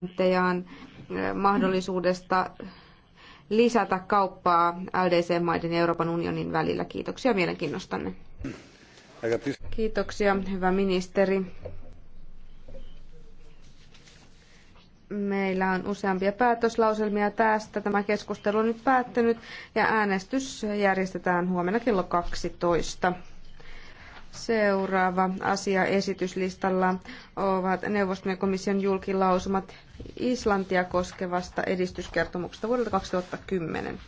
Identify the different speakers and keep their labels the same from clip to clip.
Speaker 1: kommenttejaan eh, mahdollisuudesta lisätä kauppaa LDC-maiden ja Euroopan unionin välillä. Kiitoksia mielenkiinnostanne. Kiitoksia, hyvä ministeri. Meillä on useampia päätöslauselmia tästä. Tämä keskustelu on nyt päättynyt ja äänestys järjestetään huomenna kello 12. Seuraava asia esityslistalla ovat neuvoston ja komission julkilausumat Islantia koskevasta edistyskertomuksesta vuodelta 2010.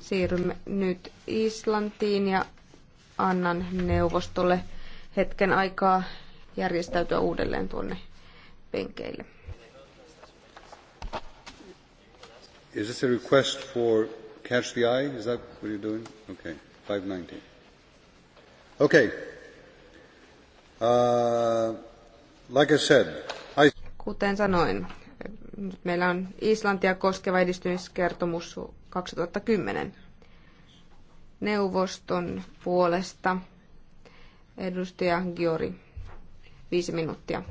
Speaker 1: Siirrymme nyt Islantiin ja annan neuvostolle hetken aikaa järjestäytyä uudelleen tuonne
Speaker 2: penkeille. Is this a request for catch the eye? Is that what you're doing? Okay, 519. Okay. Uh, like I said, I... Kuten sanoin,
Speaker 1: nyt meillä on Islantia koskeva edistymiskertomus 2010 neuvoston puolesta. Edustaja Giori, viisi minuuttia.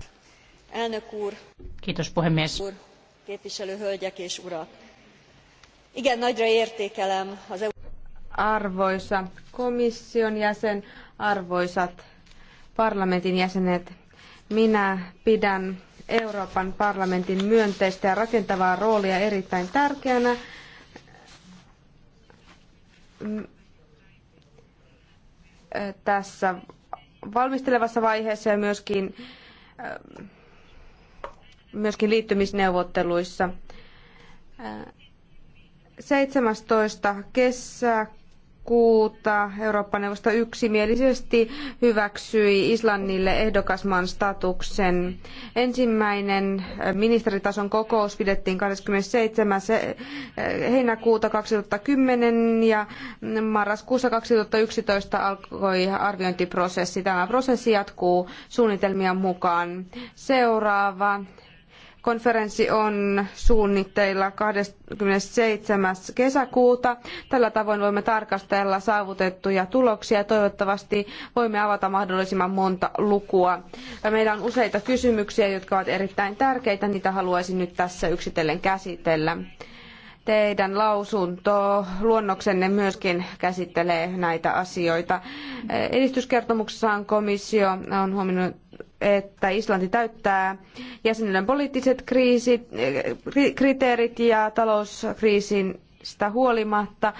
Speaker 3: Kiitos puhemies. Kiitos puhemies
Speaker 1: igen nagyra értékelem az Arvoisa komission jäsen, arvoisat parlamentin jäsenet, minä pidän Euroopan parlamentin myönteistä ja rakentavaa roolia erittäin tärkeänä. Tässä valmistelevassa vaiheessa ja myöskin, myöskin liittymisneuvotteluissa 17. kesäkuuta Eurooppa-neuvosto yksimielisesti hyväksyi Islannille ehdokasmaan statuksen. Ensimmäinen eh, ministeritason kokous pidettiin 27. Eh, heinäkuuta 2010 ja marraskuussa 2011 alkoi arviointiprosessi. Tämä prosessi jatkuu suunnitelmien mukaan. Seuraava Konferenssi on suunnitteilla 27. kesäkuuta. Tällä tavoin voimme tarkastella saavutettuja tuloksia ja toivottavasti voimme avata mahdollisimman monta lukua. Meillä on useita kysymyksiä, jotka ovat erittäin tärkeitä. Niitä haluaisin nyt tässä yksitellen käsitellä teidän lausunto luonnoksenne myöskin käsittelee näitä asioita. Edistyskertomuksessaan komissio on huomioinut että Islanti täyttää jäsenyyden poliittiset kriisit, eh, kriteerit ja talouskriisistä huolimatta.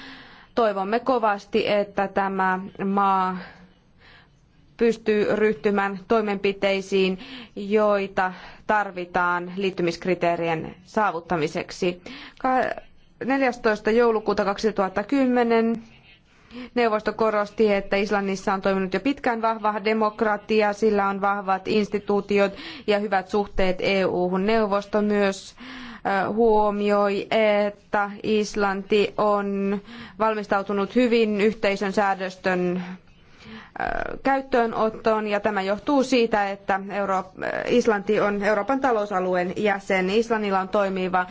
Speaker 1: Toivomme kovasti, että tämä maa pystyy ryhtymään toimenpiteisiin, joita tarvitaan liittymiskriteerien saavuttamiseksi. 14. joulukuuta 2010 Neuvosto korosti, että Islannissa on toiminut jo pitkään vahva demokratia, sillä on vahvat instituutiot ja hyvät suhteet EU-hun. Neuvosto myös huomioi, että Islanti on valmistautunut hyvin yhteisön säädöstön käyttöönottoon ja tämä johtuu siitä, että Islanti on Euroopan talousalueen jäsen. Islannilla on toimiva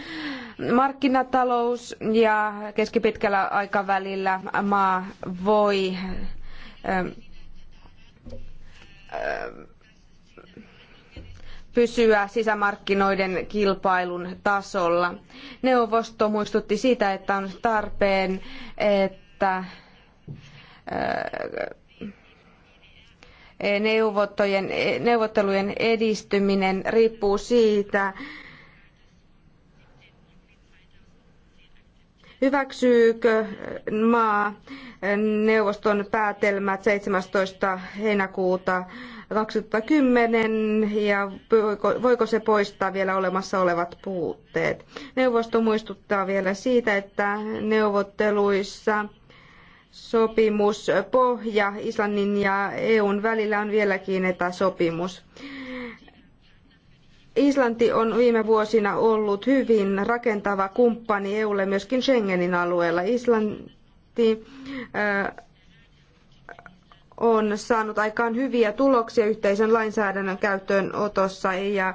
Speaker 1: markkinatalous ja keskipitkällä aikavälillä maa voi ähm, äh, pysyä sisämarkkinoiden kilpailun tasolla. Neuvosto muistutti siitä, että on tarpeen, että äh, neuvottelujen edistyminen riippuu siitä, Hyväksyykö maa neuvoston päätelmät 17. heinäkuuta 2010 ja voiko, se poistaa vielä olemassa olevat puutteet? Neuvosto muistuttaa vielä siitä, että neuvotteluissa sopimuspohja Islannin ja EUn välillä on vieläkin etäsopimus. Islanti on viime vuosina ollut hyvin rakentava kumppani EUlle myöskin Schengenin alueella. Islanti on saanut aikaan hyviä tuloksia yhteisen lainsäädännön käyttöönotossa ja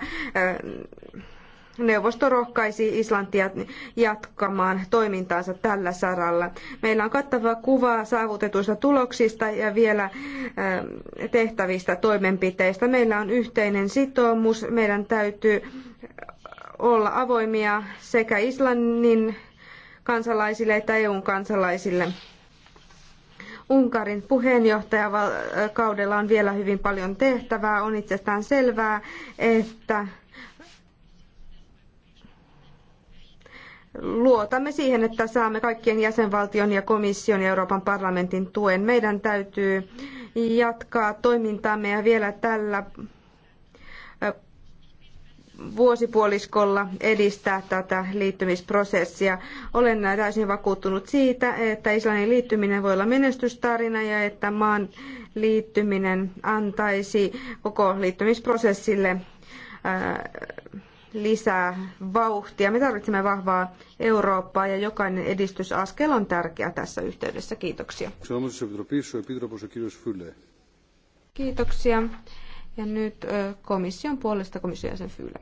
Speaker 1: neuvosto rohkaisi Islantia jatkamaan toimintaansa tällä saralla. Meillä on kattava kuva saavutetuista tuloksista ja vielä ähm, tehtävistä toimenpiteistä. Meillä on yhteinen sitoumus. Meidän täytyy olla avoimia sekä Islannin kansalaisille että EUn kansalaisille. Unkarin puheenjohtajakaudella on vielä hyvin paljon tehtävää. On itsestään selvää, että luotamme siihen, että saamme kaikkien jäsenvaltion ja komission ja Euroopan parlamentin tuen. Meidän täytyy jatkaa toimintaamme ja vielä tällä vuosipuoliskolla edistää tätä liittymisprosessia. Olen täysin vakuuttunut siitä, että Islannin liittyminen voi olla menestystarina ja että maan liittyminen antaisi koko liittymisprosessille lisää vauhtia. Me tarvitsemme vahvaa Eurooppaa ja jokainen edistysaskel on tärkeä tässä yhteydessä. Kiitoksia. Kiitoksia. Ja nyt komission puolesta komission jäsen Fyle.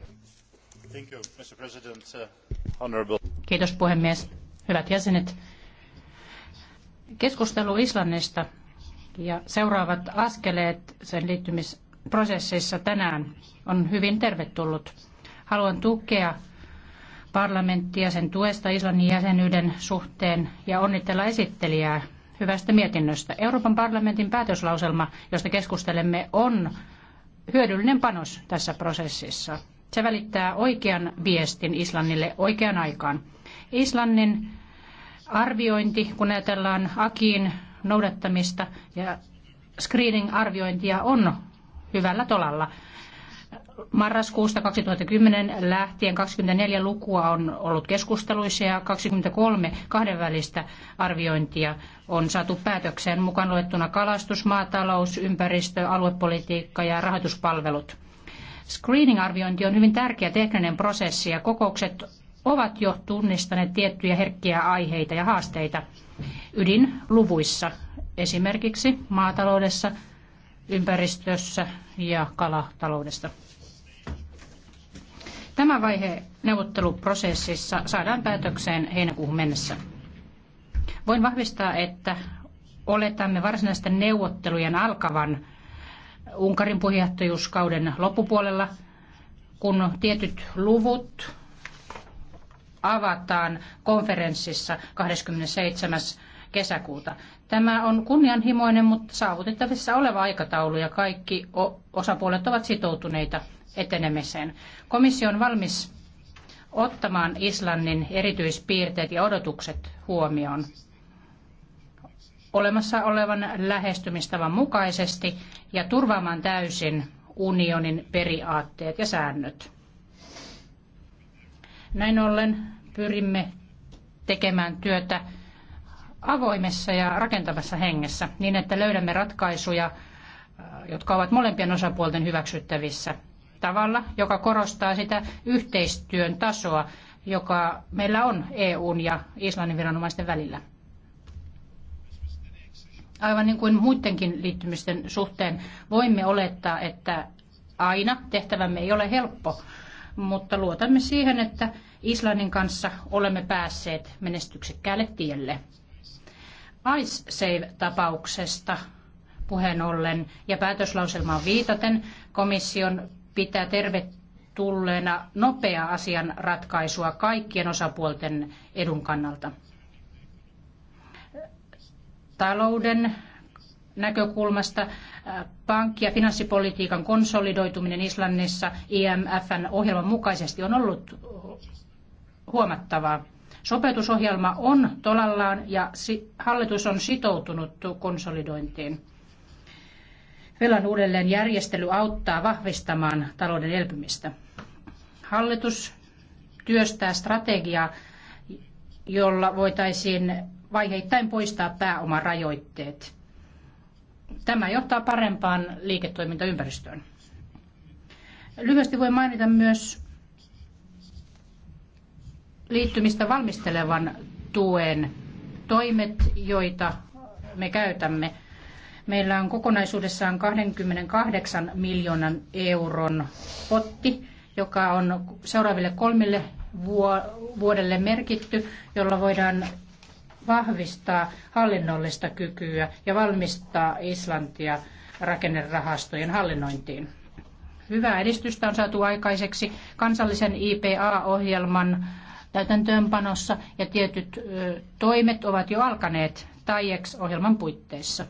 Speaker 1: Uh, Kiitos
Speaker 3: puhemies. Hyvät jäsenet. Keskustelu Islannista ja seuraavat askeleet sen liittymisprosessissa tänään on hyvin tervetullut Haluan tukea parlamenttia sen tuesta Islannin jäsenyyden suhteen ja onnitella esittelijää hyvästä mietinnöstä. Euroopan parlamentin päätöslauselma, josta keskustelemme, on hyödyllinen panos tässä prosessissa. Se välittää oikean viestin Islannille oikeaan aikaan. Islannin arviointi, kun ajatellaan Akiin noudattamista ja screening-arviointia on hyvällä tolalla marraskuusta 2010 lähtien 24 lukua on ollut keskusteluissa ja 23 kahdenvälistä arviointia on saatu päätökseen mukaan luettuna kalastus, maatalous, ympäristö, aluepolitiikka ja rahoituspalvelut. Screening-arviointi on hyvin tärkeä tekninen prosessi ja kokoukset ovat jo tunnistaneet tiettyjä herkkiä aiheita ja haasteita ydinluvuissa, esimerkiksi maataloudessa, ympäristössä ja kalataloudessa. Tämä vaihe neuvotteluprosessissa saadaan päätökseen heinäkuuhun mennessä. Voin vahvistaa, että oletamme varsinaisten neuvottelujen alkavan Unkarin puheenjohtajuuskauden loppupuolella, kun tietyt luvut avataan konferenssissa 27. kesäkuuta. Tämä on kunnianhimoinen, mutta saavutettavissa oleva aikataulu ja kaikki osapuolet ovat sitoutuneita etenemiseen. Komissio on valmis ottamaan Islannin erityispiirteet ja odotukset huomioon olemassa olevan lähestymistavan mukaisesti ja turvaamaan täysin unionin periaatteet ja säännöt. Näin ollen pyrimme tekemään työtä avoimessa ja rakentavassa hengessä niin, että löydämme ratkaisuja, jotka ovat molempien osapuolten hyväksyttävissä tavalla, joka korostaa sitä yhteistyön tasoa, joka meillä on EUn ja Islannin viranomaisten välillä. Aivan niin kuin muidenkin liittymisten suhteen voimme olettaa, että aina tehtävämme ei ole helppo, mutta luotamme siihen, että Islannin kanssa olemme päässeet menestyksekkäälle tielle. Ice Save-tapauksesta puheen ollen ja päätöslauselmaan viitaten komission pitää tervetulleena nopea asian ratkaisua kaikkien osapuolten edun kannalta. Talouden näkökulmasta äh, pankki- ja finanssipolitiikan konsolidoituminen Islannissa IMFn e ohjelman mukaisesti on ollut huomattavaa. Sopeutusohjelma on tolallaan ja hallitus on sitoutunut konsolidointiin. Velan uudelleen järjestely auttaa vahvistamaan talouden elpymistä. Hallitus työstää strategiaa, jolla voitaisiin vaiheittain poistaa pääomarajoitteet. Tämä johtaa parempaan liiketoimintaympäristöön. Lyhyesti voi mainita myös liittymistä valmistelevan tuen toimet, joita me käytämme – Meillä on kokonaisuudessaan 28 miljoonan euron potti, joka on seuraaville kolmille vuodelle merkitty, jolla voidaan vahvistaa hallinnollista kykyä ja valmistaa Islantia rakennerahastojen hallinnointiin. Hyvää edistystä on saatu aikaiseksi kansallisen IPA-ohjelman täytäntöönpanossa ja tietyt toimet ovat jo alkaneet TAIEX-ohjelman puitteissa.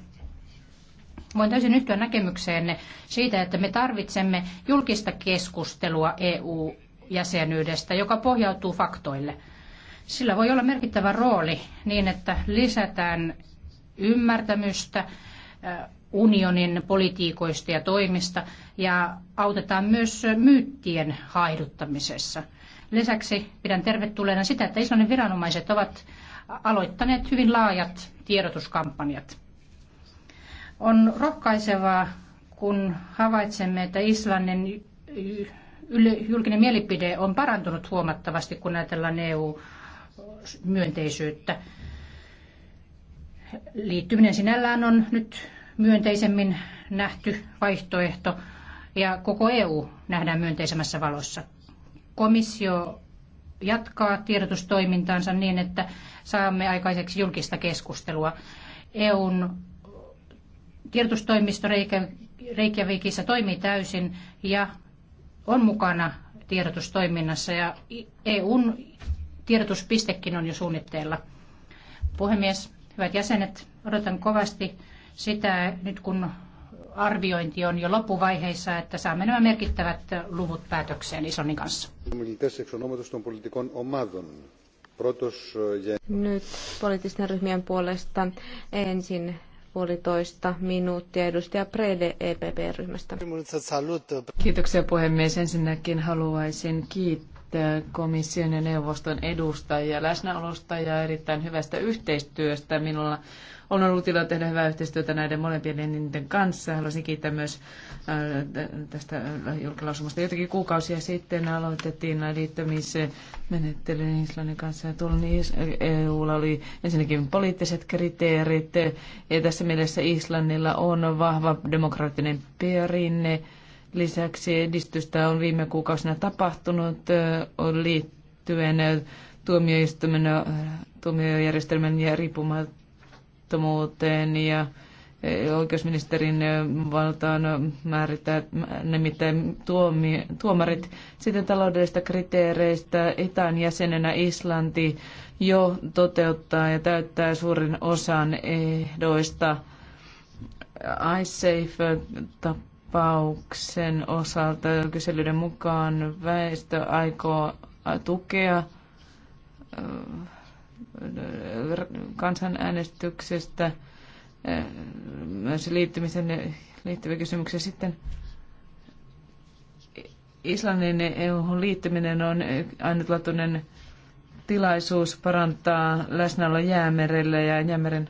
Speaker 3: Voin täysin yhtyä näkemykseenne siitä, että me tarvitsemme julkista keskustelua EU-jäsenyydestä, joka pohjautuu faktoille. Sillä voi olla merkittävä rooli niin, että lisätään ymmärtämystä unionin politiikoista ja toimista ja autetaan myös myyttien haiduttamisessa. Lisäksi pidän tervetulleena sitä, että Islannin viranomaiset ovat aloittaneet hyvin laajat tiedotuskampanjat. On rohkaisevaa, kun havaitsemme, että Islannin julkinen mielipide on parantunut huomattavasti, kun ajatellaan EU-myönteisyyttä. Liittyminen sinällään on nyt myönteisemmin nähty vaihtoehto ja koko EU nähdään myönteisemmässä valossa. Komissio jatkaa tiedotustoimintaansa niin, että saamme aikaiseksi julkista keskustelua. EUn Tiedotustoimisto Reikävikissä toimii täysin ja on mukana tiedotustoiminnassa ja EUn tiedotuspistekin on jo suunnitteilla. Puhemies, hyvät jäsenet, odotan kovasti sitä nyt kun arviointi on jo loppuvaiheissa, että saamme nämä merkittävät luvut päätökseen Isonin kanssa. Nyt
Speaker 1: poliittisten ryhmien puolesta ensin puolitoista minuuttia. Edustaja Prede EPP-ryhmästä.
Speaker 4: Kiitoksia puhemies. Ensinnäkin haluaisin kiittää Eh, komission ja neuvoston edustajia läsnäolosta ja erittäin hyvästä yhteistyöstä. Minulla on ollut ilo tehdä hyvää yhteistyötä näiden molempien elinten kanssa. Haluaisin kiittää myös eh, tästä julkilausumasta. Jotakin kuukausia sitten aloitettiin liittymismenettely Islannin kanssa. Tuolla niin EUlla oli ensinnäkin poliittiset kriteerit ja tässä mielessä Islannilla on vahva demokraattinen perinne Lisäksi edistystä on viime kuukausina tapahtunut liittyen tuomioistuimen, tuomiojärjestelmän ja riippumattomuuteen ja oikeusministerin valtaan määrittää nimittäin tuomi, tuomarit. Sitten taloudellisista kriteereistä Itän jäsenenä Islanti jo toteuttaa ja täyttää suurin osan ehdoista. iSafe kauppauksen osalta kyselyiden mukaan väestö aikoo tukea äh, kansanäänestyksestä äh, myös liittymisen liittyviä kysymyksiä sitten. Islannin EU-liittyminen on ainutlaatuinen tilaisuus parantaa läsnäolo jäämerellä ja jäämeren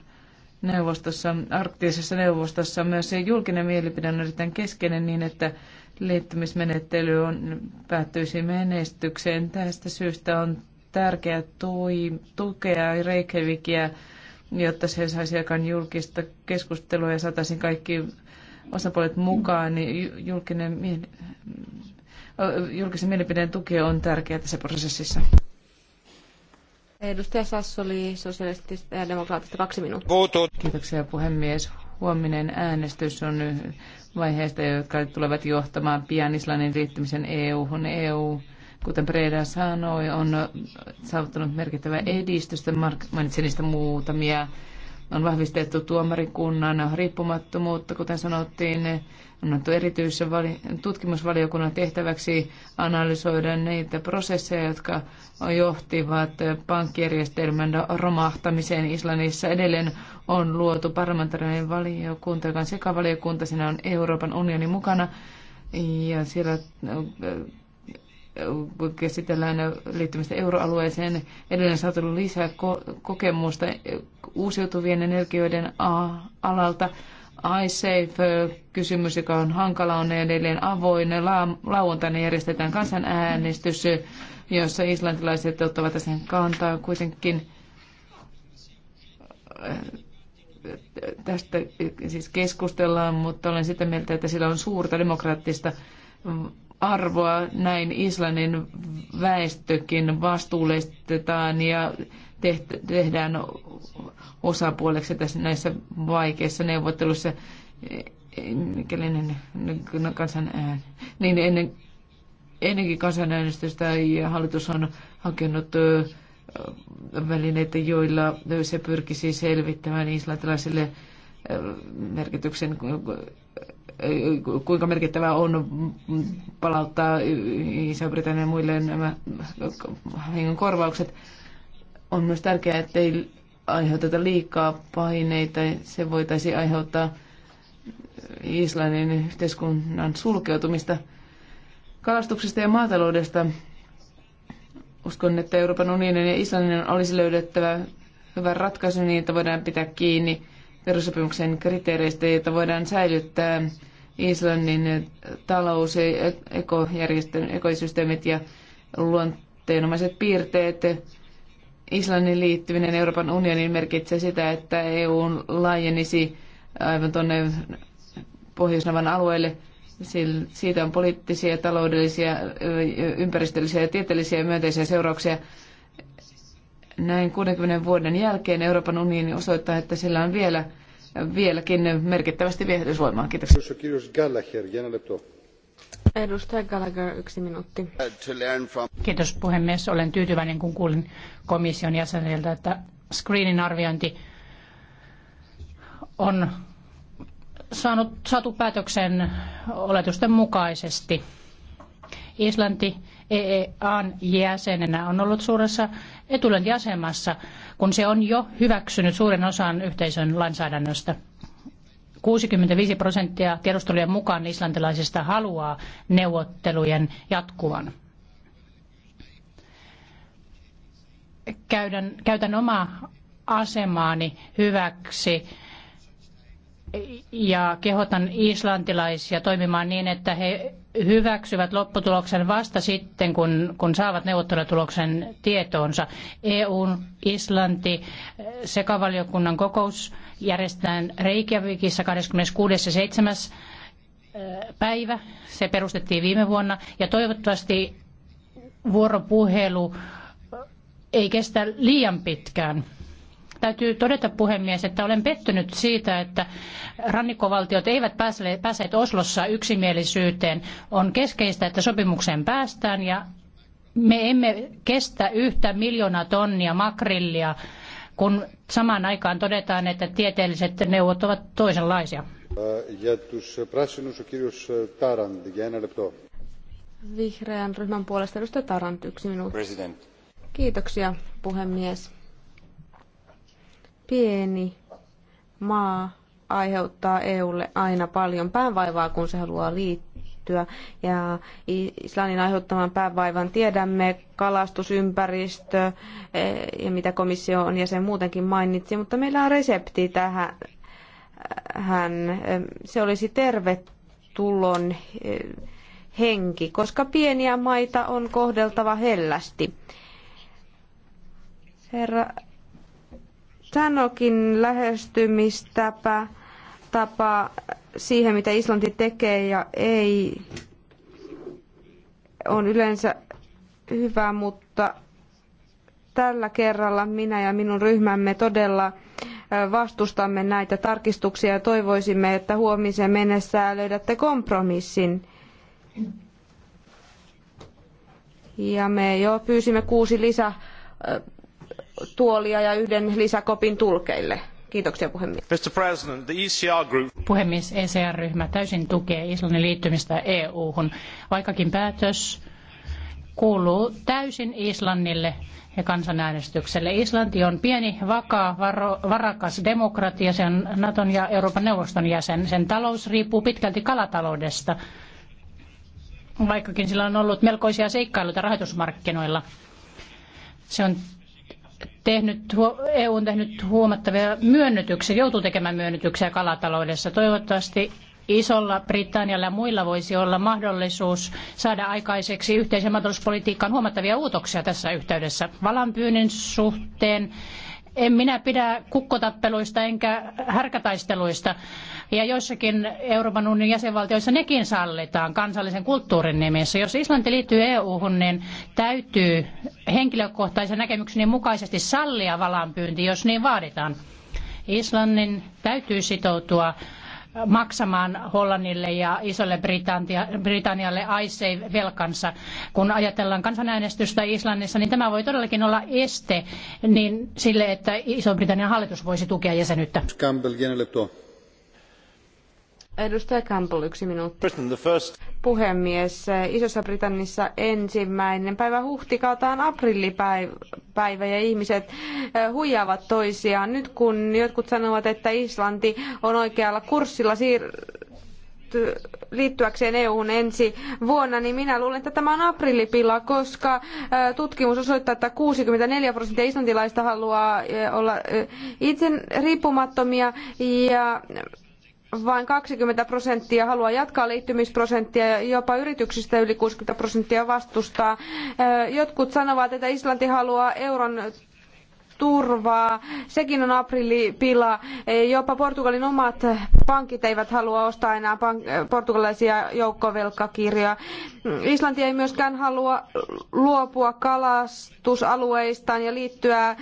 Speaker 4: neuvostossa, arktisessa neuvostossa myös se julkinen mielipide on erittäin keskeinen niin, että liittymismenettely on, päättyisi menestykseen. Tästä syystä on tärkeää tui, tukea Reykjavikia, jotta se saisi aikaan julkista keskustelua ja saataisiin kaikki osapuolet mukaan, niin julkinen, julkisen mielipideen tuki on tärkeää tässä prosessissa.
Speaker 1: Edustaja Sassoli, sosialistista
Speaker 4: ja demokraattista, kaksi minuuttia. Kiitoksia puhemies. Huominen äänestys on vaiheesta, jotka tulevat johtamaan pian Islannin liittymisen EU-hun. EU, kuten Preda sanoi, on saavuttanut merkittävää edistystä. Mark mainitsi niistä muutamia on vahvistettu tuomarikunnan riippumattomuutta, kuten sanottiin, on annettu erityisen tutkimusvaliokunnan tehtäväksi analysoida niitä prosesseja, jotka johtivat pankkijärjestelmän romahtamiseen Islannissa. Edelleen on luotu parlamentaarinen valiokunta, joka on sekavaliokunta, siinä on Euroopan unioni mukana ja siellä käsitellään liittymistä euroalueeseen. Edelleen saatu lisää kokemusta uusiutuvien energioiden alalta. iSafe-kysymys, joka on hankala, on edelleen avoin. Lauantaina järjestetään kansanäänestys, jossa islantilaiset ottavat sen kantaa kuitenkin tästä siis keskustellaan, mutta olen sitä mieltä, että sillä on suurta demokraattista arvoa näin Islannin väestökin vastuullistetaan ja tehdään osapuoleksi tässä näissä vaikeissa neuvotteluissa mikäli kansan, niin ennen, ennenkin kansanäänestystä ja hallitus on hakenut välineitä, joilla se pyrkisi selvittämään islantilaisille merkityksen kuinka merkittävää on palauttaa Iso-Britannian muille nämä hengen korvaukset. On myös tärkeää, ettei aiheuteta liikaa paineita. Se voitaisiin aiheuttaa Islannin yhteiskunnan sulkeutumista kalastuksesta ja maataloudesta. Uskon, että Euroopan unionin ja Islannin olisi löydettävä hyvä ratkaisu niin, että voidaan pitää kiinni perussopimuksen kriteereistä, joita voidaan säilyttää Islannin eh, talous, e- ekosysteemit ja luonteenomaiset piirteet. Islannin liittyminen Euroopan unioniin merkitsee sitä, että EU laajenisi aivan tuonne pohjois alueelle. Siitä on poliittisia, taloudellisia, ympäristöllisiä ja tieteellisiä myönteisiä seurauksia. Näin 60 vuoden jälkeen Euroopan unioni osoittaa, että sillä on vielä vieläkin merkittävästi viehätysvoimaa. Kiitoksia.
Speaker 3: Edustaja Gallagher, yksi minuutti. Kiitos puhemies. Olen tyytyväinen, kun kuulin komission jäseniltä, että screenin arviointi on saanut, saatu päätöksen oletusten mukaisesti. Islanti EEAn jäsenenä on ollut suuressa etulöntiasemassa, kun se on jo hyväksynyt suuren osan yhteisön lainsäädännöstä. 65 prosenttia tiedustelujen mukaan islantilaisista haluaa neuvottelujen jatkuvan. Käydän, käytän omaa asemaani hyväksi ja kehotan islantilaisia toimimaan niin, että he hyväksyvät lopputuloksen vasta sitten, kun, kun saavat neuvottelutuloksen tietoonsa. EUn, Islanti, eh, sekavaliokunnan kokous järjestetään Reykjavikissa 26. ja 7. Eh, päivä. Se perustettiin viime vuonna ja toivottavasti vuoropuhelu eh, ei kestä liian pitkään. Täytyy todeta puhemies, että olen pettynyt siitä, että rannikkovaltiot eivät päässeet Oslossa yksimielisyyteen. On keskeistä, että sopimukseen päästään ja me emme kestä yhtä miljoonaa tonnia makrillia, kun samaan aikaan todetaan, että tieteelliset neuvot ovat toisenlaisia. Vihreän ryhmän puolesta edustaja
Speaker 1: Tarant, yksi minuutti. Kiitoksia, puhemies pieni maa aiheuttaa EUlle aina paljon päänvaivaa, kun se haluaa liittyä. Ja Islannin aiheuttaman päänvaivan tiedämme, kalastusympäristö e, ja mitä komissio on ja sen muutenkin mainitsi, mutta meillä on resepti tähän. Hän, e, se olisi tervetulon henki, koska pieniä maita on kohdeltava hellästi. Herra Tanokin lähestymistapa tapa siihen, mitä Islanti tekee ja ei, on yleensä hyvä, mutta tällä kerralla minä ja minun ryhmämme todella vastustamme näitä tarkistuksia ja toivoisimme, että huomiseen mennessä löydätte kompromissin. Ja me jo pyysimme kuusi lisää tuolia ja yhden lisäkopin
Speaker 3: tulkeille.
Speaker 5: Kiitoksia puhemies. E
Speaker 3: puhemies, ECR-ryhmä täysin tukee Islannin liittymistä EU-hun, vaikkakin päätös kuuluu täysin Islannille ja kansanäänestykselle. Islanti on pieni, vakaa, varo, varakas demokratia, se on Naton ja Euroopan neuvoston jäsen. Sen talous riippuu pitkälti kalataloudesta, vaikkakin sillä on ollut melkoisia seikkailuita rahoitusmarkkinoilla. Se on tehnyt, EU on tehnyt huomattavia myönnytyksiä, joutuu tekemään myönnytyksiä kalataloudessa. Toivottavasti isolla Britannialla ja muilla voisi olla mahdollisuus saada aikaiseksi yhteisen maatalouspolitiikkaan huomattavia uutoksia tässä yhteydessä. Valanpyynnin suhteen en minä pidä kukkotappeluista enkä härkätaisteluista. Ja joissakin Euroopan unionin jäsenvaltioissa nekin sallitaan kansallisen kulttuurin nimissä. Jos Islanti liittyy EU-hun, niin täytyy henkilökohtaisen näkemykseni mukaisesti sallia valanpyynti, jos niin vaaditaan. Islannin täytyy sitoutua maksamaan Hollannille ja Isolle Britannialle ISAVE-velkansa. Kun ajatellaan kansanäänestystä Islannissa, niin tämä voi todellakin olla este niin sille, että Iso-Britannian hallitus voisi tukea
Speaker 2: jäsenyyttä. Campbell,
Speaker 3: Edustaja Campbell,
Speaker 1: yksi minuutti. Puhemies, Isossa Britannissa ensimmäinen päivä huhtikautta on aprillipäivä ja ihmiset eh, huijaavat toisiaan. Nyt kun jotkut sanovat, että Islanti on oikealla kurssilla siir- liittyäkseen EU-hun ensi vuonna, niin minä luulen, että tämä on aprillipila, koska eh, tutkimus osoittaa, että 64 prosenttia islantilaista haluaa eh, olla itse riippumattomia ja vain 20 prosenttia haluaa jatkaa liittymisprosenttia ja jopa yrityksistä yli 60 prosenttia vastustaa. Jotkut sanovat, että Islanti haluaa euron turvaa. Sekin on aprillipila. Jopa Portugalin omat pankit eivät halua ostaa enää portugalaisia joukkovelkakirjoja. Islanti ei myöskään halua luopua kalastusalueistaan ja liittyä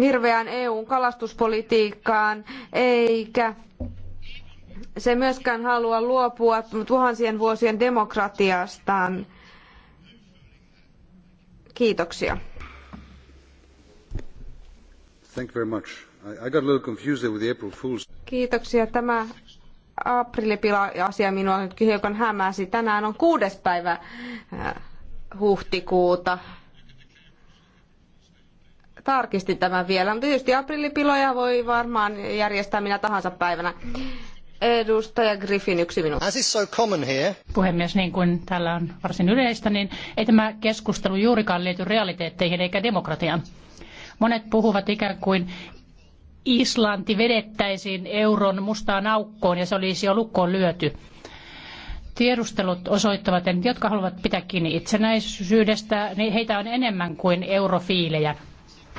Speaker 1: hirveään EUn kalastuspolitiikkaan, eikä se myöskään halua luopua tuhansien vuosien demokratiastaan. Kiitoksia.
Speaker 2: Thank you very much. I got a little confused with the April Fool's.
Speaker 1: Kiitoksia. Tämä aprilipila-asia minua nyt hiukan hämäsi. Tänään on kuudes päivä äh, huhtikuuta. Tarkistin tämän vielä, mutta tietysti aprillipiloja voi varmaan järjestää minä tahansa päivänä. Edustaja Griffin,
Speaker 3: yksi minuutti. Puhemies, niin kuin täällä on varsin yleistä, niin ei tämä keskustelu juurikaan liity realiteetteihin eikä demokratiaan. Monet puhuvat ikään kuin Islanti vedettäisiin euron mustaan aukkoon ja se olisi jo lukkoon lyöty. Tiedustelut osoittavat, että jotka haluavat pitää kiinni itsenäisyydestä, niin heitä on enemmän kuin eurofiilejä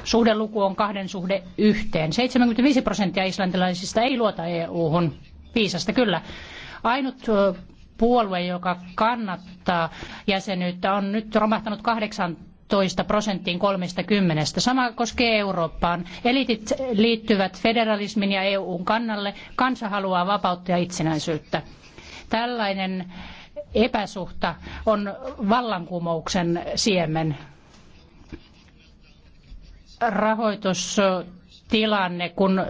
Speaker 3: suhdeluku on kahden suhde yhteen. 75 prosenttia islantilaisista ei luota EU-hun viisasta kyllä. Ainut puolue, joka kannattaa jäsenyyttä, on nyt romahtanut 18 prosenttiin 30. Sama koskee Eurooppaan. Elitit liittyvät federalismin ja EUn kannalle. Kansa haluaa vapautta ja itsenäisyyttä. Tällainen epäsuhta on vallankumouksen siemen. Rahoitustilanne, kun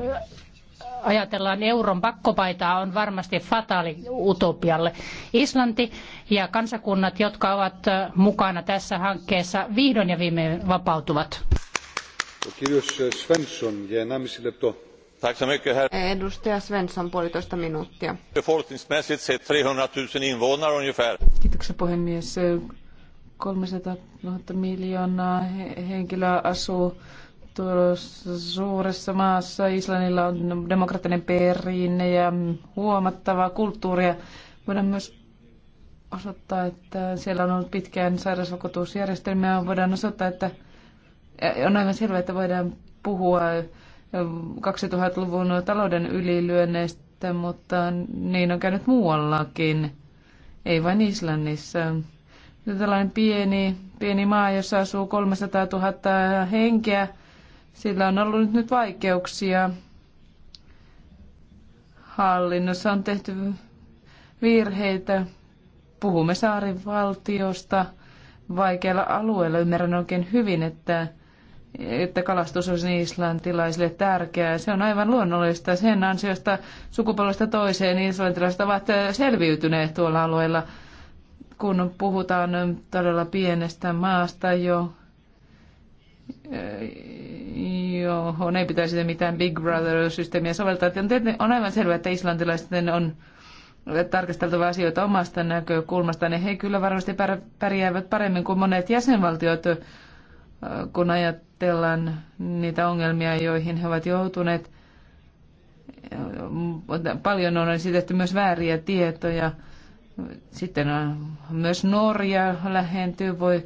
Speaker 3: ajatellaan euron pakkopaitaa, on varmasti fataali utopialle. Islanti ja kansakunnat, jotka ovat mukana tässä hankkeessa, vihdoin ja viimein vapautuvat.
Speaker 2: Svensson, ja
Speaker 4: Edustaja Svensson, puolitoista minuuttia.
Speaker 2: Befolkningsmässigt
Speaker 6: sett 300 000 invånare ungefär.
Speaker 4: Kiitoksia puhemies. 300 000 miljoonaa henkilöä asuu tuossa suuressa maassa. Islannilla on demokraattinen perinne ja huomattavaa kulttuuria. Voidaan myös osoittaa, että siellä on ollut pitkään sairausvakuutusjärjestelmää. Voidaan osoittaa, että on aivan selvää, että voidaan puhua 2000-luvun talouden ylilyönneistä, mutta niin on käynyt muuallakin, ei vain Islannissa. Tällainen pieni, pieni maa, jossa asuu 300 000 henkeä, sillä on ollut nyt vaikeuksia. Hallinnossa on tehty virheitä. Puhumme Sari-valtiosta vaikealla alueella. Ymmärrän oikein hyvin, että, että kalastus on islantilaisille tärkeää. Se on aivan luonnollista. Sen ansiosta sukupolvesta toiseen islantilaiset ovat selviytyneet tuolla alueella, kun puhutaan todella pienestä maasta jo johon ei pitäisi mitään Big Brother-systeemiä soveltaa. On aivan selvää, että islantilaisten on tarkasteltava asioita omasta näkökulmastaan, niin he kyllä varmasti pärjäävät paremmin kuin monet jäsenvaltiot, kun ajatellaan niitä ongelmia, joihin he ovat joutuneet. Paljon on esitetty myös vääriä tietoja. Sitten on myös Norja lähentyy, voi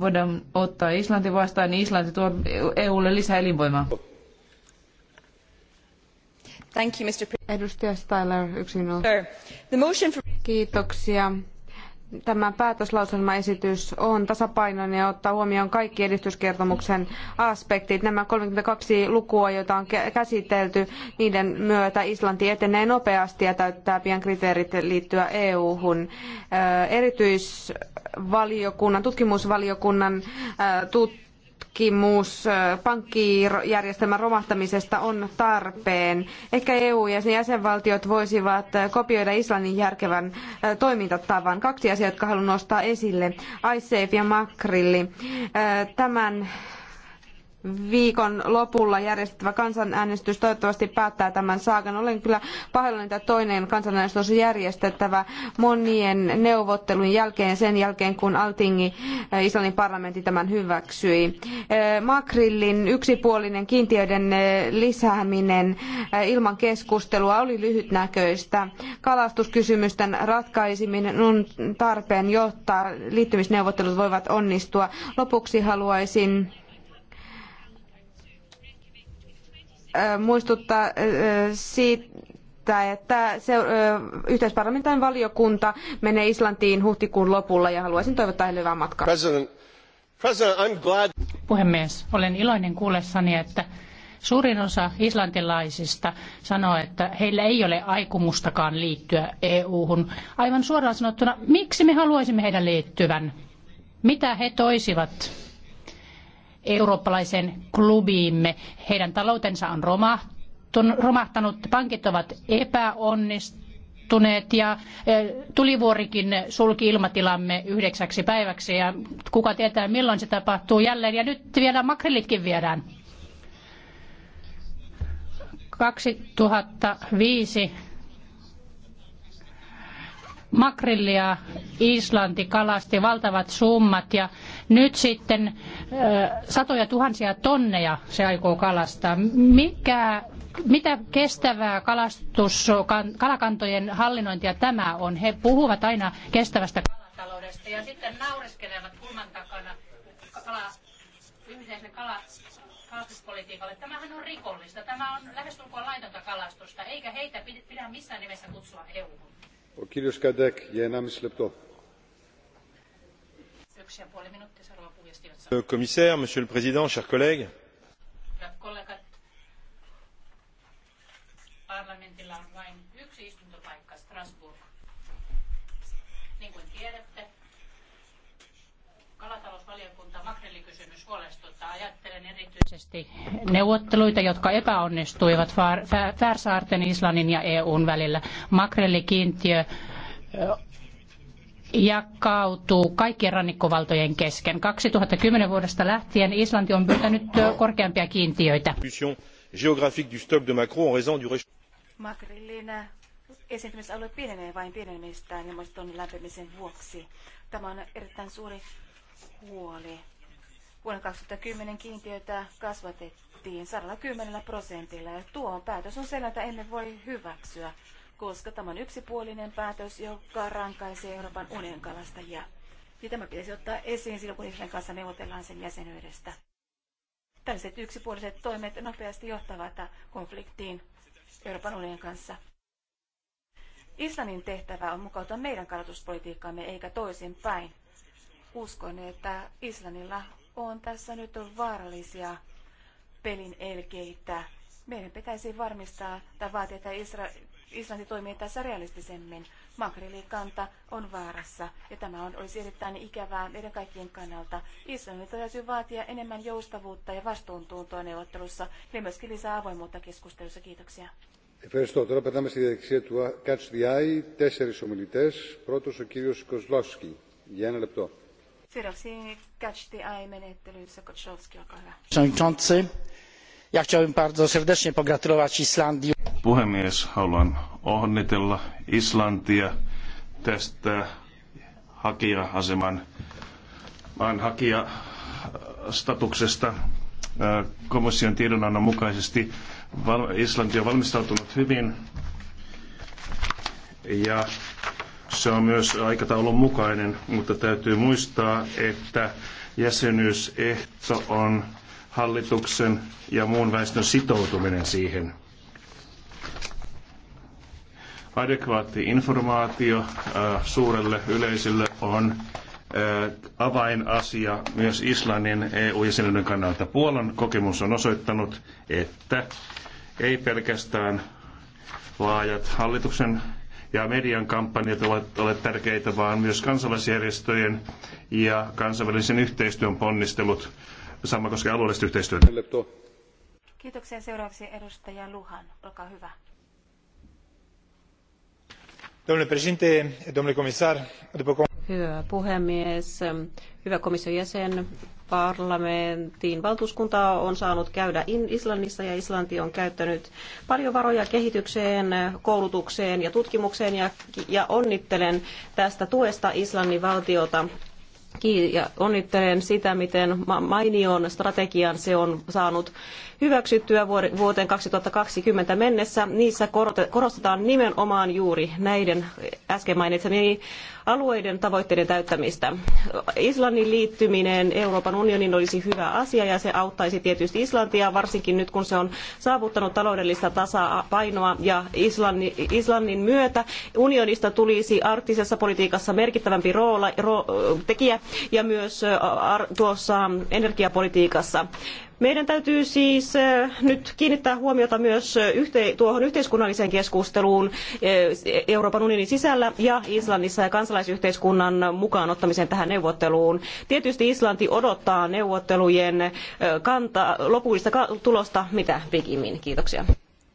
Speaker 4: voidaan ottaa Islanti vastaan, niin Islanti tuo EUlle lisää elinvoimaa.
Speaker 1: Thank you, Mr. Pre- Edustaja Styler, yksin on. Kiitoksia tämä päätöslauselmaesitys on tasapainoinen ja ottaa huomioon kaikki edistyskertomuksen aspektit. Nämä 32 lukua, joita on käsitelty, niiden myötä Islanti etenee nopeasti ja täyttää pian kriteerit liittyä EU-hun. Erityisvaliokunnan, tutkimusvaliokunnan tut- tutkimus pankkijärjestelmän romahtamisesta on tarpeen. Ehkä EU ja sen jäsenvaltiot voisivat kopioida Islannin järkevän toimintatavan. Kaksi asiaa, jotka haluan nostaa esille, ISAFE ja Makrilli. Tämän viikon lopulla järjestettävä kansanäänestys toivottavasti päättää tämän saakan. Olen kyllä pahoillani, että toinen kansanäänestys on järjestettävä monien neuvottelun jälkeen, sen jälkeen kun Altingi eh, Islannin parlamentti tämän hyväksyi. Eh, Makrillin yksipuolinen kiintiöiden eh, lisääminen ilman keskustelua oli lyhytnäköistä. Kalastuskysymysten ratkaiseminen on tarpeen, jotta liittymisneuvottelut voivat onnistua. Lopuksi haluaisin muistuttaa siitä, että se, yhteisparlamentaarinen valiokunta menee Islantiin huhtikuun lopulla ja haluaisin toivottaa heille hyvää matkaa. President,
Speaker 3: President, Puhemies, olen iloinen kuullessani, että Suurin osa islantilaisista sanoo, että heillä ei ole aikomustakaan liittyä EU-hun. Aivan suoraan sanottuna, miksi me haluaisimme heidän liittyvän? Mitä he toisivat eurooppalaisen klubiimme. Heidän taloutensa on romahtanut, pankit ovat epäonnistuneet ja tulivuorikin sulki ilmatilamme yhdeksäksi päiväksi ja kuka tietää milloin se tapahtuu jälleen ja nyt vielä makrillitkin viedään. 2005 makrillia Islanti kalasti valtavat summat ja nyt sitten satoja tuhansia tonneja se aikoo kalastaa. Mikä, mitä kestävää kalastus, kalakantojen hallinnointia tämä on? He puhuvat aina kestävästä
Speaker 4: kalataloudesta ja sitten naureskelevat kulman takana
Speaker 3: kala, yhteisen kala, kalastuspolitiikalle. Tämähän on rikollista. Tämä on lähestulkoon laitonta kalastusta, eikä heitä pidä missään nimessä kutsua EU
Speaker 2: monsieur le président chers collègues
Speaker 3: Ajattelen erityisesti neuvotteluita, jotka epäonnistuivat Färsaarten, Islannin ja EUn välillä. Makrellikiintiö jakautuu kaikkien rannikkovaltojen kesken. 2010 vuodesta lähtien Islanti on pyytänyt korkeampia kiintiöitä.
Speaker 6: Géographique
Speaker 7: Makrillin esiintymisalue pienenee vain pienenemistään ilmaston lämpimisen vuoksi. Tämä on erittäin suuri huoli. Vuonna 2010 kiintiötä kasvatettiin 110 prosentilla ja tuo päätös on sellainen, että emme voi hyväksyä, koska tämä on yksipuolinen päätös, joka rankaisee Euroopan unionin kalastajia. Ja tämä pitäisi ottaa esiin silloin, kun Israelin kanssa neuvotellaan sen jäsenyydestä. Tällaiset yksipuoliset toimet nopeasti johtavat konfliktiin Euroopan unionin kanssa. Islannin tehtävä on mukautua meidän kalastuspolitiikkaamme eikä toisinpäin. Uskon, että Islannilla on tässä nyt on vaarallisia pelin elkeitä. Meidän pitäisi varmistaa tai vaatia, että Isra- Islanti toimii tässä realistisemmin. Makrilikanta on vaarassa ja tämä on, olisi erittäin ikävää meidän kaikkien kannalta. Islanti täytyy vaatia enemmän joustavuutta ja vastuuntuntoa neuvottelussa ja myöskin lisää avoimuutta keskustelussa. Kiitoksia.
Speaker 2: Ευχαριστώ. Τώρα περνάμε στη διαδικασία του Catch the Eye. Τέσσερις ομιλητές. Πρώτος ο κύριος Κοσλόσκι. Για ένα λεπτό
Speaker 7: hyvä.
Speaker 6: Puhemies, haluan onnitella Islantia tästä hakija-aseman maan hakijastatuksesta komission tiedonannon mukaisesti. Islanti on valmistautunut hyvin ja se on myös aikataulun mukainen, mutta täytyy muistaa, että jäsenyysehto on hallituksen ja muun väestön sitoutuminen siihen. Adekvaatti informaatio äh, suurelle yleisölle on äh, avainasia myös Islannin EU-jäsenyyden kannalta. Puolan kokemus on osoittanut, että ei pelkästään laajat hallituksen ja median kampanjat ovat olleet tärkeitä, vaan myös kansalaisjärjestöjen ja kansainvälisen yhteistyön ponnistelut. Sama koskee alueellista yhteistyötä.
Speaker 7: Kiitoksia. Seuraavaksi edustaja Luhan. Olkaa hyvä.
Speaker 6: Domnule
Speaker 2: președinte, domnule comisar, după cum
Speaker 8: Hyvä puhemies, hyvä komission jäsen, parlamentin valtuuskunta on saanut käydä Islannissa ja Islanti on käyttänyt paljon varoja kehitykseen, koulutukseen ja tutkimukseen ja, ja onnittelen tästä tuesta Islannin valtiota ja onnittelen sitä, miten mainion strategian se on saanut hyväksyttyä vuoteen 2020 mennessä. Niissä korostetaan nimenomaan juuri näiden äsken mainitsemieni alueiden tavoitteiden täyttämistä. Islannin liittyminen Euroopan unioniin olisi hyvä asia ja se auttaisi tietysti Islantia, varsinkin nyt kun se on saavuttanut taloudellista tasapainoa ja Islannin, Islannin myötä unionista tulisi arktisessa politiikassa merkittävämpi rooli, ro, tekijä ja myös tuossa energiapolitiikassa. Meidän täytyy siis nyt kiinnittää huomiota myös tuohon yhteiskunnalliseen keskusteluun e-, Euroopan unionin sisällä ja Islannissa ja kansalaisyhteiskunnan mukaan ottamiseen tähän neuvotteluun. Tietysti Islanti odottaa neuvottelujen kanta, lopullista tulosta mitä pikimmin. Kiitoksia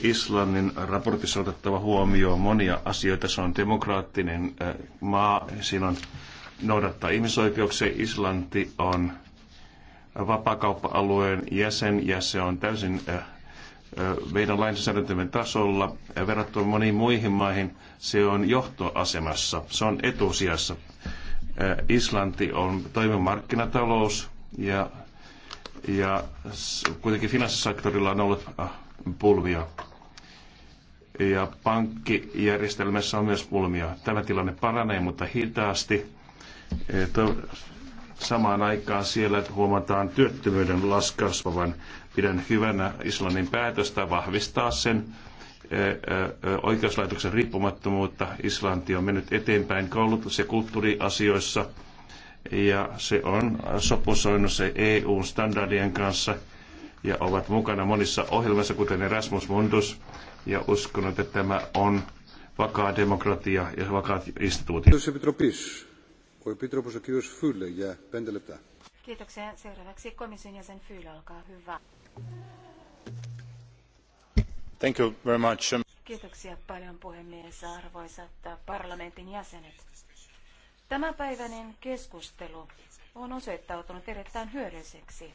Speaker 6: Islannin raportissa otettava huomioon monia asioita. Se on demokraattinen äh, maa, siinä on noudattaa ihmisoikeuksia. Islanti on vapakauppa-alueen jäsen ja se on täysin äh, äh, meidän lainsäädäntömme tasolla verrattuna moniin muihin maihin. Se on johtoasemassa, se on etusijassa. Islanti on markkinatalous ja, ja kuitenkin finanssisektorilla on ollut pulmia. Ja pankkijärjestelmässä on myös pulmia. Tämä tilanne paranee, mutta hitaasti. E, samaan aikaan siellä huomataan työttömyyden laskasvavan. Pidän hyvänä Islannin päätöstä vahvistaa sen e, e, oikeuslaitoksen riippumattomuutta. Islanti on mennyt eteenpäin koulutus- ja kulttuuriasioissa ja se on sopusoinnut se EU-standardien kanssa – ja ovat mukana monissa ohjelmissa, kuten Erasmus Mundus, ja uskon, että tämä on vakaa demokratia ja vakaat instituutiot.
Speaker 7: Kiitoksia. Seuraavaksi komission jäsen Fyyle, olkaa hyvä.
Speaker 2: Thank you very much.
Speaker 7: Kiitoksia paljon puhemies arvoisat parlamentin jäsenet. Tämänpäiväinen keskustelu on osoittautunut erittäin hyödylliseksi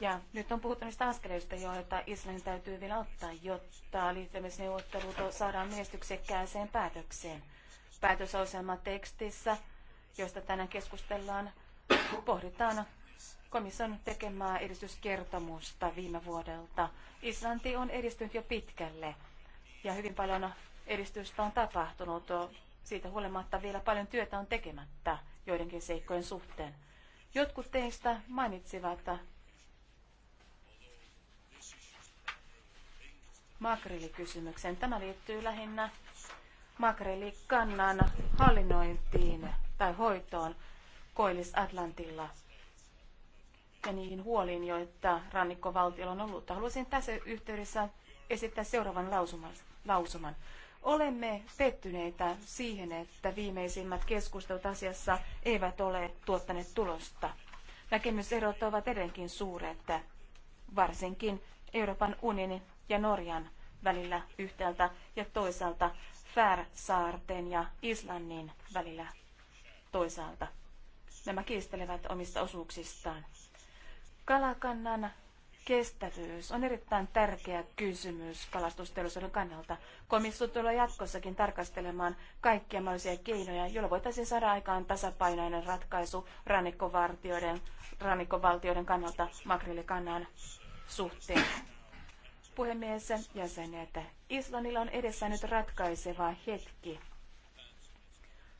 Speaker 7: ja nyt on puhuttu niistä askeleista, joita Israelin täytyy vielä ottaa, jotta liittymisneuvottelut saadaan menestyksekkääseen päätökseen. Päätösosama tekstissä, josta tänään keskustellaan, pohditaan komission tekemää edistyskertomusta viime vuodelta. Islanti on edistynyt jo pitkälle ja hyvin paljon edistystä on tapahtunut. Siitä huolimatta vielä paljon työtä on tekemättä joidenkin seikkojen suhteen. Jotkut teistä mainitsivat makrelikysymykseen. Tämä liittyy lähinnä makrelikannan hallinnointiin tai hoitoon Koillis-Atlantilla ja niihin huoliin, joita rannikkovaltiolla on ollut. Haluaisin tässä yhteydessä esittää seuraavan lausuman. lausuman. Olemme pettyneitä siihen, että viimeisimmät keskustelut asiassa eivät ole tuottaneet tulosta. Näkemyserot ovat edelleenkin suuret, varsinkin Euroopan unionin ja Norjan välillä yhtäältä ja toisaalta Färsaarten ja Islannin välillä toisaalta. Nämä kiistelevät omista osuuksistaan. Kalakannan kestävyys on erittäin tärkeä kysymys kalastusteollisuuden kannalta. Komissio tulee jatkossakin tarkastelemaan kaikkia mahdollisia keinoja, joilla voitaisiin saada aikaan tasapainoinen ratkaisu rannikkovaltioiden, rannikkovaltioiden kannalta makrillikannan suhteen puhemies, jäsenet. Islannilla on edessä nyt ratkaiseva hetki.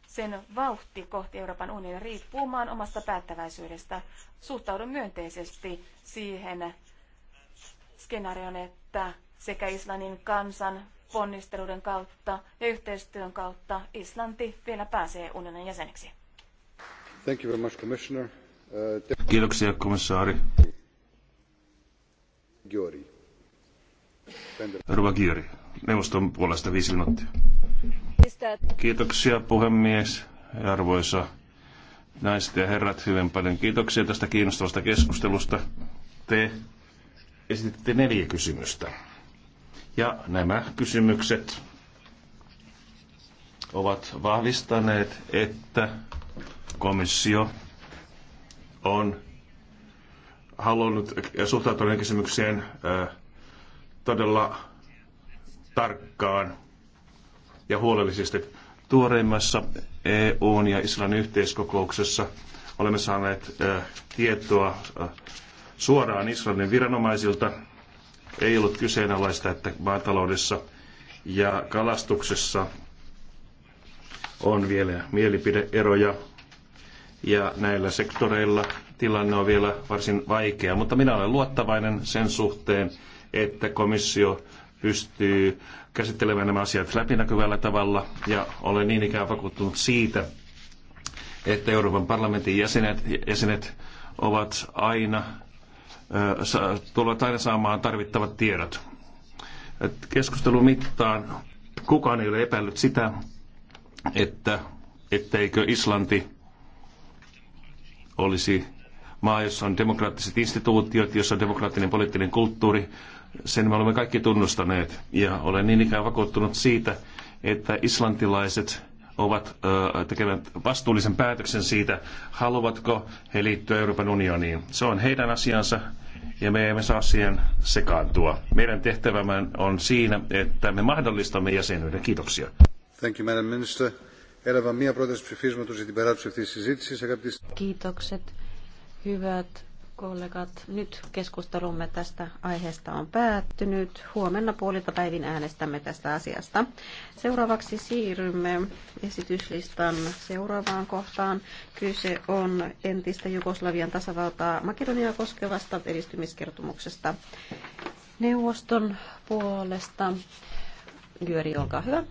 Speaker 7: Sen vauhti kohti Euroopan unionia riippuu maan omasta päättäväisyydestä. Suhtaudun myönteisesti siihen skenaarioon, että sekä Islannin kansan ponnisteluiden kautta ja yhteistyön kautta Islanti vielä pääsee unionin jäseneksi.
Speaker 2: Thank you very much, Commissioner. Uh,
Speaker 6: Kiitoksia, komissaari. Georgi. Ruba Kiiri, neuvoston puolesta viisi minuuttia. Kiitoksia puhemies ja arvoisa naiset ja herrat, hyvin paljon kiitoksia tästä kiinnostavasta keskustelusta. Te esititte neljä kysymystä. Ja nämä kysymykset ovat vahvistaneet, että komissio on halunnut ja suhtautunut kysymykseen äh, todella tarkkaan ja huolellisesti. Tuoreimmassa EUn ja Islannin yhteiskokouksessa olemme saaneet tietoa suoraan Islannin viranomaisilta. Ei ollut kyseenalaista, että maataloudessa ja kalastuksessa on vielä mielipideeroja ja näillä sektoreilla tilanne on vielä varsin vaikea, mutta minä olen luottavainen sen suhteen, että komissio pystyy käsittelemään nämä asiat läpinäkyvällä tavalla ja olen niin ikään vakuuttunut siitä, että Euroopan parlamentin jäsenet, jäsenet ovat aina, tulevat aina saamaan tarvittavat tiedot. Keskustelun mittaan kukaan ei ole epäillyt sitä, että etteikö Islanti olisi maa, jossa on demokraattiset instituutiot, jossa on demokraattinen poliittinen kulttuuri, sen me olemme kaikki tunnustaneet. Ja olen niin ikään vakuuttunut siitä, että islantilaiset ovat tekevät vastuullisen päätöksen siitä, haluavatko he liittyä Euroopan unioniin. Se on heidän asiansa ja me emme saa siihen sekaantua. Meidän tehtävämme on siinä, että me mahdollistamme jäsenyyden. Kiitoksia.
Speaker 2: Thank you, Madam Minister. Έλαβα μία πρόταση ψηφίσματος για την περάτωση αυτής της συζήτησης. Kiitokset, hyvät
Speaker 8: Kollegat, nyt keskustelumme tästä aiheesta on päättynyt. Huomenna puolilta päivin äänestämme tästä asiasta. Seuraavaksi siirrymme esityslistan seuraavaan kohtaan. Kyse on entistä Jugoslavian tasavaltaa Makedoniaa koskevasta edistymiskertomuksesta neuvoston puolesta. Györi, olkaa hyvä.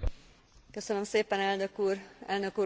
Speaker 8: Köszönöm szépen, elnök úr. Elnök úr,